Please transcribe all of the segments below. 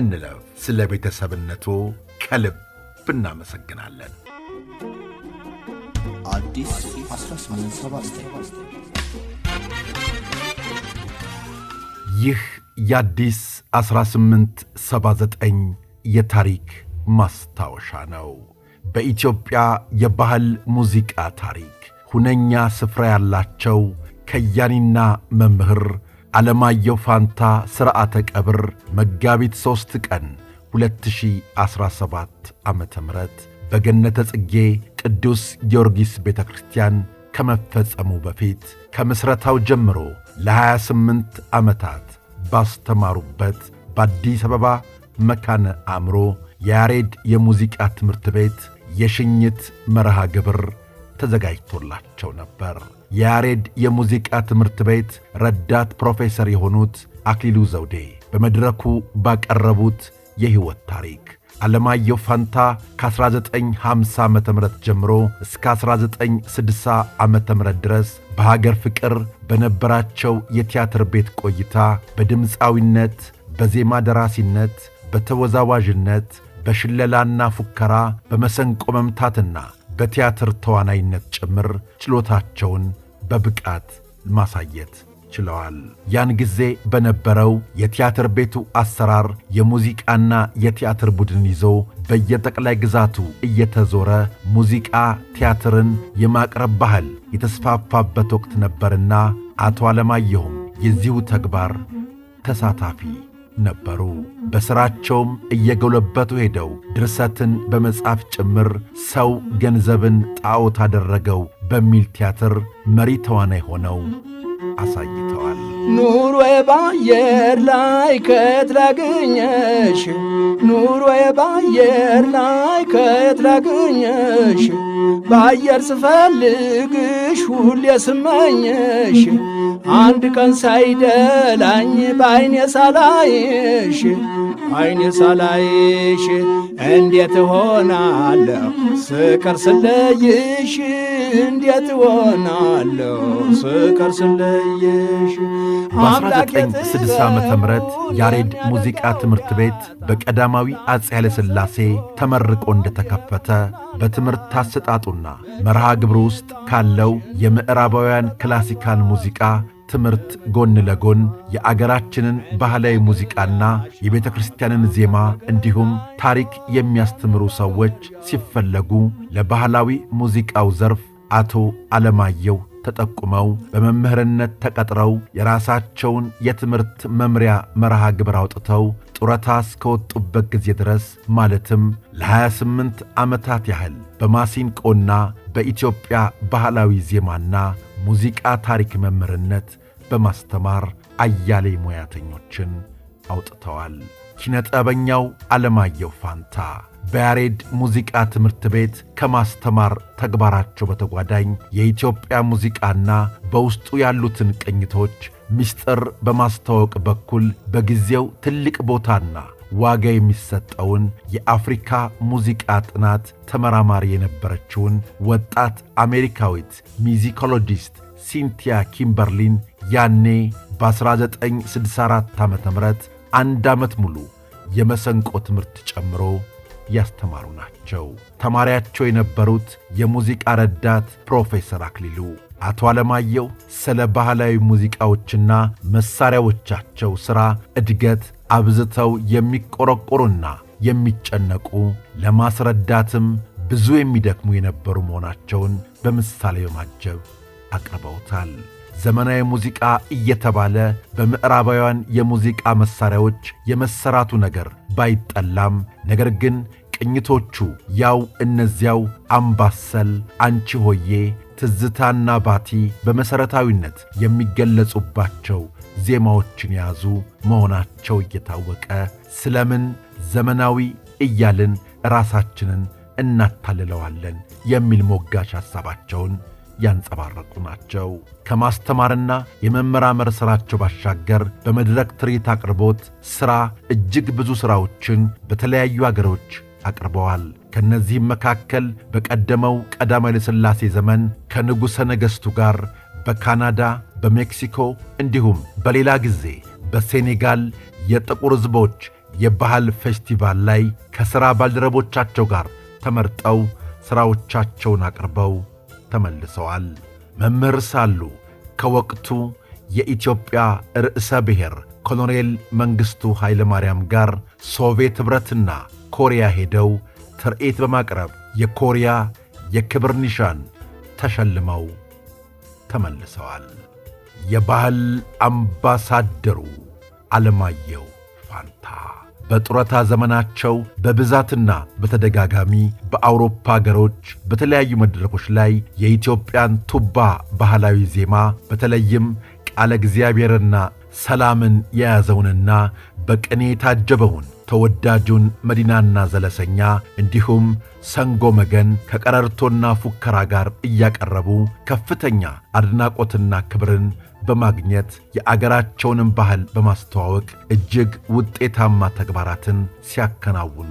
እንለፍ። ስለ ቤተሰብነቱ ከልብ እናመሰግናለን። ይህ የአዲስ 1879 የታሪክ ማስታወሻ ነው። በኢትዮጵያ የባህል ሙዚቃ ታሪክ ሁነኛ ስፍራ ያላቸው ከያኒና መምህር ዓለማየሁ ፋንታ ሥርዓተ ቀብር መጋቢት ሦስት ቀን 2017 ዓ ም በገነተ ጽጌ ቅዱስ ጊዮርጊስ ቤተ ክርስቲያን ከመፈጸሙ በፊት ከምስረታው ጀምሮ ለ28 ዓመታት ባስተማሩበት በአዲስ አበባ መካነ አእምሮ የያሬድ የሙዚቃ ትምህርት ቤት የሽኝት መርሃ ግብር ተዘጋጅቶላቸው ነበር። የያሬድ የሙዚቃ ትምህርት ቤት ረዳት ፕሮፌሰር የሆኑት አክሊሉ ዘውዴ በመድረኩ ባቀረቡት የሕይወት ታሪክ አለማየሁ ፋንታ ከ1950 ዓ ም ጀምሮ እስከ 1960 ዓ ም ድረስ በሀገር ፍቅር በነበራቸው የቲያትር ቤት ቆይታ በድምፃዊነት፣ በዜማ ደራሲነት፣ በተወዛዋዥነት፣ በሽለላና ፉከራ፣ በመሰንቆ መምታትና በቲያትር ተዋናይነት ጭምር ችሎታቸውን በብቃት ማሳየት ችለዋል። ያን ጊዜ በነበረው የቲያትር ቤቱ አሰራር የሙዚቃና የቲያትር ቡድን ይዞ በየጠቅላይ ግዛቱ እየተዞረ ሙዚቃ ቲያትርን የማቅረብ ባህል የተስፋፋበት ወቅት ነበርና አቶ አለማየሁም የዚሁ ተግባር ተሳታፊ ነበሩ። በሥራቸውም እየጎለበቱ ሄደው ድርሰትን በመጻፍ ጭምር ሰው ገንዘብን ጣዖት አደረገው በሚል ቲያትር መሪ ተዋናይ ሆነው አሳይተዋል። ኑሮ ባየር ላይ ከትላገኘሽ ኑሮ ባየር ላይ ከትላገኘሽ በአየር ስፈልግሽ ሁሌ ስመኘሽ አንድ ቀን ሳይደላኝ በዐይኔ ሳላይሽ አይን ሳላይሽ እንዴት ሆናለሁ? ስቀር ስለይሽ እንዴት ሆናለሁ? ስቀር ስለይሽ። በ1960 ዓ ም ያሬድ ሙዚቃ ትምህርት ቤት በቀዳማዊ አፄ ሥላሴ ተመርቆ እንደተከፈተ በትምህርት አሰጣጡና መርሃ ግብሩ ውስጥ ካለው የምዕራባውያን ክላሲካል ሙዚቃ ትምህርት ጎን ለጎን የአገራችንን ባህላዊ ሙዚቃና የቤተ ክርስቲያንን ዜማ እንዲሁም ታሪክ የሚያስተምሩ ሰዎች ሲፈለጉ ለባህላዊ ሙዚቃው ዘርፍ አቶ አለማየሁ ተጠቁመው በመምህርነት ተቀጥረው የራሳቸውን የትምህርት መምሪያ መርሃ ግብር አውጥተው ጡረታ እስከወጡበት ጊዜ ድረስ ማለትም ለ28 ዓመታት ያህል በማሲንቆና በኢትዮጵያ ባህላዊ ዜማና ሙዚቃ ታሪክ መምህርነት በማስተማር አያሌ ሙያተኞችን አውጥተዋል። ኪነጠበኛው ዓለማየሁ ፋንታ በያሬድ ሙዚቃ ትምህርት ቤት ከማስተማር ተግባራቸው በተጓዳኝ የኢትዮጵያ ሙዚቃና በውስጡ ያሉትን ቅኝቶች ምስጢር በማስተዋወቅ በኩል በጊዜው ትልቅ ቦታና ዋጋ የሚሰጠውን የአፍሪካ ሙዚቃ ጥናት ተመራማሪ የነበረችውን ወጣት አሜሪካዊት ሚዚኮሎጂስት ሲንቲያ ኪምበርሊን ያኔ በ1964 ዓ ም አንድ ዓመት ሙሉ የመሰንቆ ትምህርት ጨምሮ ያስተማሩ ናቸው። ተማሪያቸው የነበሩት የሙዚቃ ረዳት ፕሮፌሰር አክሊሉ አቶ አለማየሁ ስለ ባህላዊ ሙዚቃዎችና መሣሪያዎቻቸው ሥራ እድገት አብዝተው የሚቆረቆሩና የሚጨነቁ ለማስረዳትም ብዙ የሚደክሙ የነበሩ መሆናቸውን በምሳሌ በማጀብ አቅርበውታል። ዘመናዊ ሙዚቃ እየተባለ በምዕራባውያን የሙዚቃ መሣሪያዎች የመሠራቱ ነገር ባይጠላም ነገር ግን ቅኝቶቹ ያው እነዚያው አምባሰል፣ አንቺ ሆዬ፣ ትዝታና ባቲ በመሠረታዊነት የሚገለጹባቸው ዜማዎችን የያዙ መሆናቸው እየታወቀ ስለምን ዘመናዊ እያልን ራሳችንን እናታልለዋለን የሚል ሞጋች ሐሳባቸውን ያንጸባረቁ ናቸው። ከማስተማርና የመመራመር ሥራቸው ባሻገር በመድረክ ትርኢት አቅርቦት ሥራ እጅግ ብዙ ሥራዎችን በተለያዩ አገሮች አቅርበዋል። ከእነዚህም መካከል በቀደመው ቀዳማዊ ሥላሴ ዘመን ከንጉሠ ነገሥቱ ጋር በካናዳ በሜክሲኮ እንዲሁም በሌላ ጊዜ በሴኔጋል የጥቁር ሕዝቦች የባህል ፌስቲቫል ላይ ከሥራ ባልደረቦቻቸው ጋር ተመርጠው ሥራዎቻቸውን አቅርበው ተመልሰዋል። መምህር ሳሉ ከወቅቱ የኢትዮጵያ ርዕሰ ብሔር ኮሎኔል መንግሥቱ ኃይለ ማርያም ጋር ሶቪየት ኅብረትና ኮሪያ ሄደው ትርኢት በማቅረብ የኮሪያ የክብር ኒሻን ተሸልመው ተመልሰዋል። የባህል አምባሳደሩ አለማየሁ ፋንታ በጡረታ ዘመናቸው በብዛትና በተደጋጋሚ በአውሮፓ አገሮች በተለያዩ መድረኮች ላይ የኢትዮጵያን ቱባ ባህላዊ ዜማ በተለይም ቃለ እግዚአብሔርና ሰላምን የያዘውንና በቅኔ የታጀበውን ተወዳጁን መዲናና ዘለሰኛ እንዲሁም ሰንጎ መገን ከቀረርቶና ፉከራ ጋር እያቀረቡ ከፍተኛ አድናቆትና ክብርን በማግኘት የአገራቸውንም ባህል በማስተዋወቅ እጅግ ውጤታማ ተግባራትን ሲያከናውኑ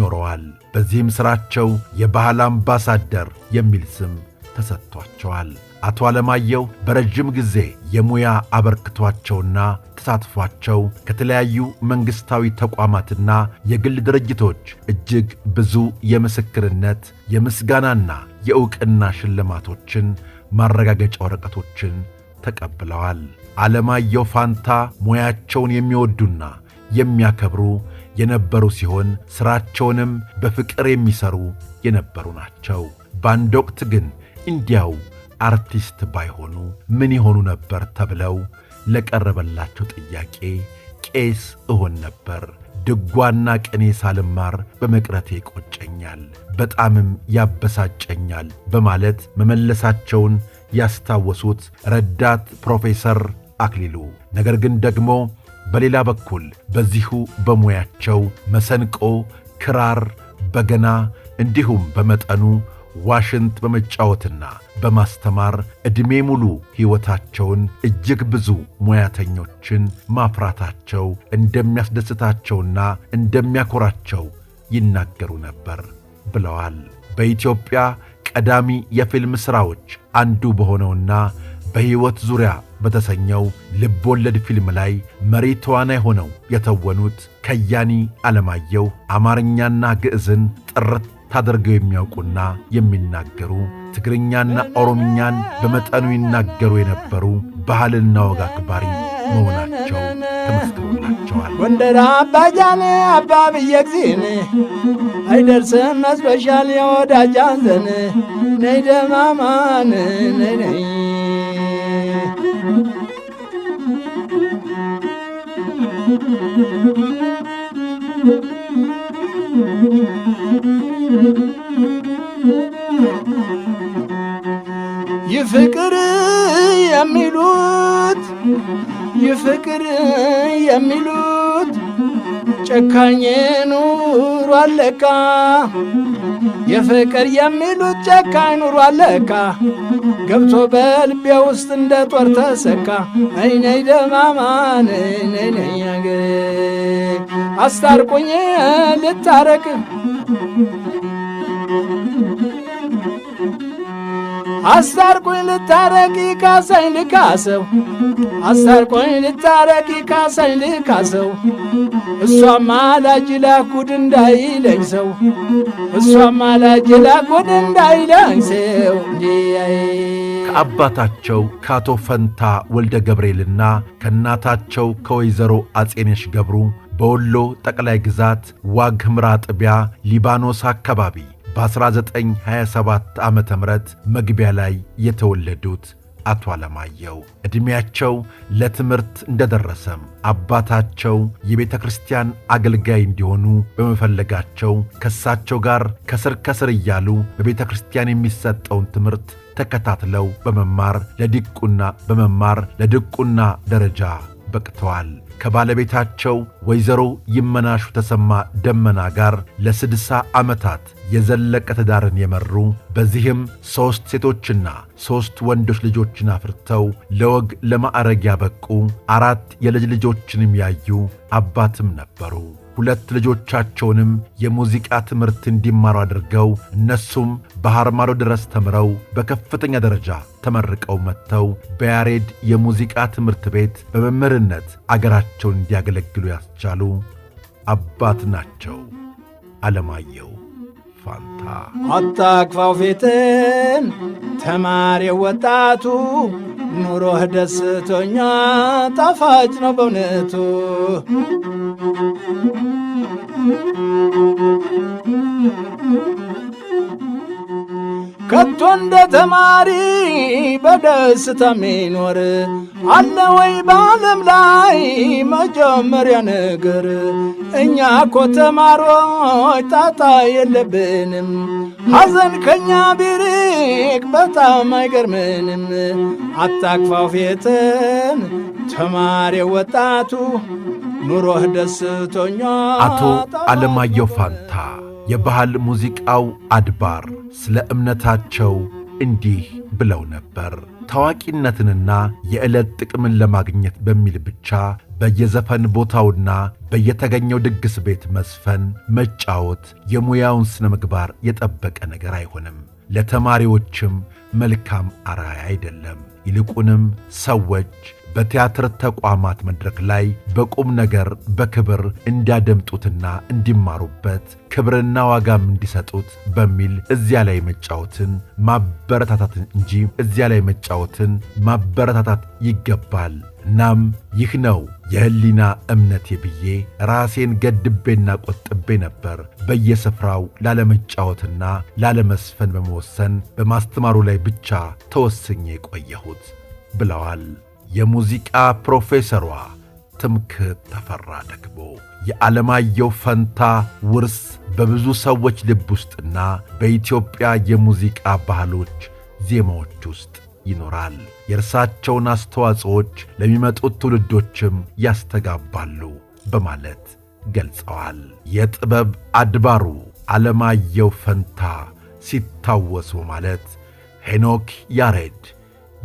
ኖረዋል። በዚህም ሥራቸው የባህል አምባሳደር የሚል ስም ተሰጥቷቸዋል። አቶ አለማየሁ በረጅም ጊዜ የሙያ አበርክቷቸውና ተሳትፏቸው ከተለያዩ መንግሥታዊ ተቋማትና የግል ድርጅቶች እጅግ ብዙ የምስክርነት የምስጋናና የዕውቅና ሽልማቶችን ማረጋገጫ ወረቀቶችን ተቀብለዋል። ዓለማየሁ ፋንታ ሙያቸውን የሚወዱና የሚያከብሩ የነበሩ ሲሆን ሥራቸውንም በፍቅር የሚሰሩ የነበሩ ናቸው። በአንድ ወቅት ግን እንዲያው አርቲስት ባይሆኑ ምን ይሆኑ ነበር ተብለው ለቀረበላቸው ጥያቄ ቄስ እሆን ነበር ድጓና ቅኔ ሳልማር በመቅረቴ ይቆጨኛል፣ በጣምም ያበሳጨኛል በማለት መመለሳቸውን ያስታወሱት ረዳት ፕሮፌሰር አክሊሉ ነገር ግን ደግሞ በሌላ በኩል በዚሁ በሙያቸው መሰንቆ፣ ክራር፣ በገና እንዲሁም በመጠኑ ዋሽንት በመጫወትና በማስተማር ዕድሜ ሙሉ ሕይወታቸውን እጅግ ብዙ ሙያተኞችን ማፍራታቸው እንደሚያስደስታቸውና እንደሚያኮራቸው ይናገሩ ነበር ብለዋል። በኢትዮጵያ ቀዳሚ የፊልም ሥራዎች አንዱ በሆነውና በሕይወት ዙሪያ በተሰኘው ልቦወለድ ፊልም ላይ መሪ ተዋናይ ሆነው የተወኑት ከያኒ አለማየሁ አማርኛና ግዕዝን ጥርት ታደርገው የሚያውቁና የሚናገሩ ትግርኛና ኦሮምኛን በመጠኑ ይናገሩ የነበሩ ባህልና ወግ አክባሪ መሆናቸው ተመስክሮላቸዋል። ጎንደር አባጃን አባ ብዬ አይደርስም መስበሻል የወዳጅ ነይ ደማማን ነይ ነይ ይፍቅር የሚሉት ይፍቅር የሚሉት ጨካኝ ኑሮ የፍቅር የሚሉት ጨካኝ ኑሮ አለቃ ገብቶ በልቤ ውስጥ እንደ ጦር ተሰካ አይነይ ደማማ ነይ ነይ ነይ አስታርቁኝ ልታረቅ አስታርቁኝ ልታረቂ ካሰኝ ልካሰው አስታርቁኝ ልታረቂ ካሰኝ ልካሰው እሷማ ላጅ ላኩድ እንዳይለኝ ሰው እሷማ ላጅ ላኩድ እንዳይለኝ ሰው ከአባታቸው ከአቶ ፈንታ ወልደ ገብርኤልና ከእናታቸው ከወይዘሮ አጼነሽ ገብሩ በወሎ ጠቅላይ ግዛት ዋግ ኽምራ ጥቢያ ሊባኖስ አካባቢ በ1927 ዓ ም መግቢያ ላይ የተወለዱት አቶ አለማየሁ ዕድሜያቸው ለትምህርት እንደደረሰም አባታቸው የቤተ ክርስቲያን አገልጋይ እንዲሆኑ በመፈለጋቸው ከእሳቸው ጋር ከስር ከስር እያሉ በቤተ ክርስቲያን የሚሰጠውን ትምህርት ተከታትለው በመማር ለዲቁና በመማር ለድቁና ደረጃ በቅተዋል። ከባለቤታቸው ወይዘሮ ይመናሹ ተሰማ ደመና ጋር ለስድሳ ዓመታት የዘለቀ ትዳርን የመሩ በዚህም ሦስት ሴቶችና ሦስት ወንዶች ልጆችን አፍርተው ለወግ ለማዕረግ ያበቁ አራት የልጅ ልጆችንም ያዩ አባትም ነበሩ። ሁለት ልጆቻቸውንም የሙዚቃ ትምህርት እንዲማሩ አድርገው እነሱም ባህር ማዶ ድረስ ተምረው በከፍተኛ ደረጃ ተመርቀው መጥተው በያሬድ የሙዚቃ ትምህርት ቤት በመምህርነት አገራቸውን እንዲያገለግሉ ያስቻሉ አባት ናቸው። አለማየሁ ፋንታ አታክፋው ፊትን ተማሪው ወጣቱ ኑሮህ ደስቶኛ ጣፋጭ ነው በእውነቱ Thank ከቶ እንደ ተማሪ በደስታ ሚኖር አለ ወይ በዓለም ላይ መጀመሪያ ነገር? እኛ ኮተማሮ ጣጣ የለብንም፣ ሐዘን ከኛ ቢርቅ በጣም አይገርምንም። አታክፋው ፌትን ተማሪ ወጣቱ ኑሮህ ደስቶኛ። አቶ አለማየሁ ፋንታ የባህል ሙዚቃው አድባር ስለ እምነታቸው እንዲህ ብለው ነበር። ታዋቂነትንና የዕለት ጥቅምን ለማግኘት በሚል ብቻ በየዘፈን ቦታውና በየተገኘው ድግስ ቤት መዝፈን፣ መጫወት የሙያውን ስነ ምግባር የጠበቀ ነገር አይሆንም። ለተማሪዎችም መልካም አርአያ አይደለም። ይልቁንም ሰዎች በቲያትር ተቋማት መድረክ ላይ በቁም ነገር በክብር እንዲያደምጡትና እንዲማሩበት ክብርና ዋጋም እንዲሰጡት በሚል እዚያ ላይ መጫወትን ማበረታታትን እንጂ እዚያ ላይ መጫወትን ማበረታታት ይገባል። እናም ይህ ነው የህሊና እምነቴ ብዬ ራሴን ገድቤና ቆጥቤ ነበር በየስፍራው ላለመጫወትና ላለመስፈን በመወሰን በማስተማሩ ላይ ብቻ ተወስኜ የቆየሁት ብለዋል። የሙዚቃ ፕሮፌሰሯ ትምክህት ተፈራ ደግሞ የዓለማየሁ ፈንታ ውርስ በብዙ ሰዎች ልብ ውስጥና በኢትዮጵያ የሙዚቃ ባህሎች፣ ዜማዎች ውስጥ ይኖራል። የእርሳቸውን አስተዋጽኦች ለሚመጡት ትውልዶችም ያስተጋባሉ በማለት ገልጸዋል። የጥበብ አድባሩ ዓለማየሁ ፈንታ ሲታወሱ ማለት ሄኖክ ያሬድ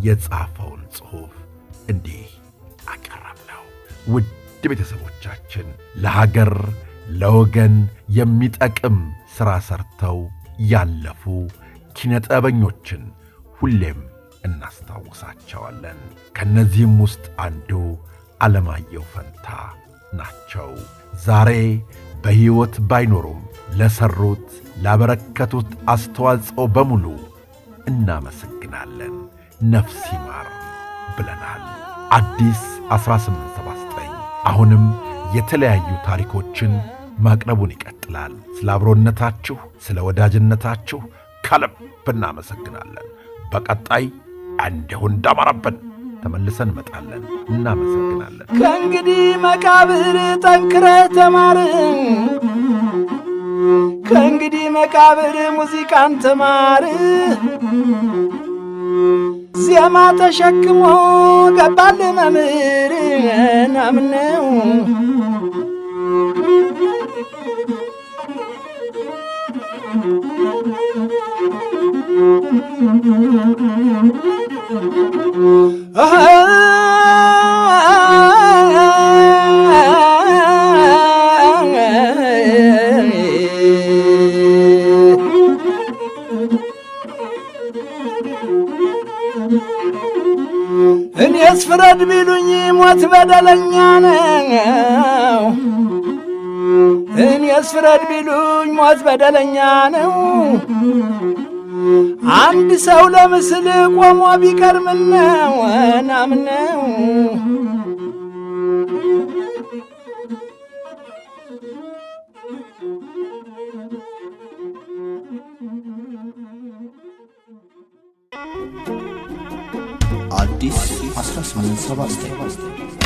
የጻፈውን ጽሑፍ እንዲህ አቀረብ ነው። ውድ ቤተሰቦቻችን ለሀገር ለወገን የሚጠቅም ሥራ ሰርተው ያለፉ ኪነጠበኞችን ሁሌም እናስታውሳቸዋለን። ከእነዚህም ውስጥ አንዱ ዓለማየሁ ፈንታ ናቸው። ዛሬ በሕይወት ባይኖሩም ለሠሩት ላበረከቱት አስተዋጽኦ በሙሉ እናመሰግናለን። ነፍስ ይማር ብለናል። አዲስ 1879 አሁንም የተለያዩ ታሪኮችን ማቅረቡን ይቀጥላል። ስለ አብሮነታችሁ፣ ስለ ወዳጅነታችሁ ከልብ እናመሰግናለን። በቀጣይ እንዲሁ እንዳማረብን ተመልሰን እንመጣለን። እናመሰግናለን። ከእንግዲህ መቃብር ጠንክረ ተማር። ከእንግዲህ መቃብር ሙዚቃን ተማር። ዜማ ተሸክሞ ገባል መምህር ናምነው Ah ውረድ ቢሉኝ ሞት በደለኛ ነው። እኔስ ፍረድ ቢሉኝ ሞት በደለኛ ነው። አንድ ሰው ለምስል ቆሞ ቢቀር ምነው ናምነው። አዲስ スラスラサバして。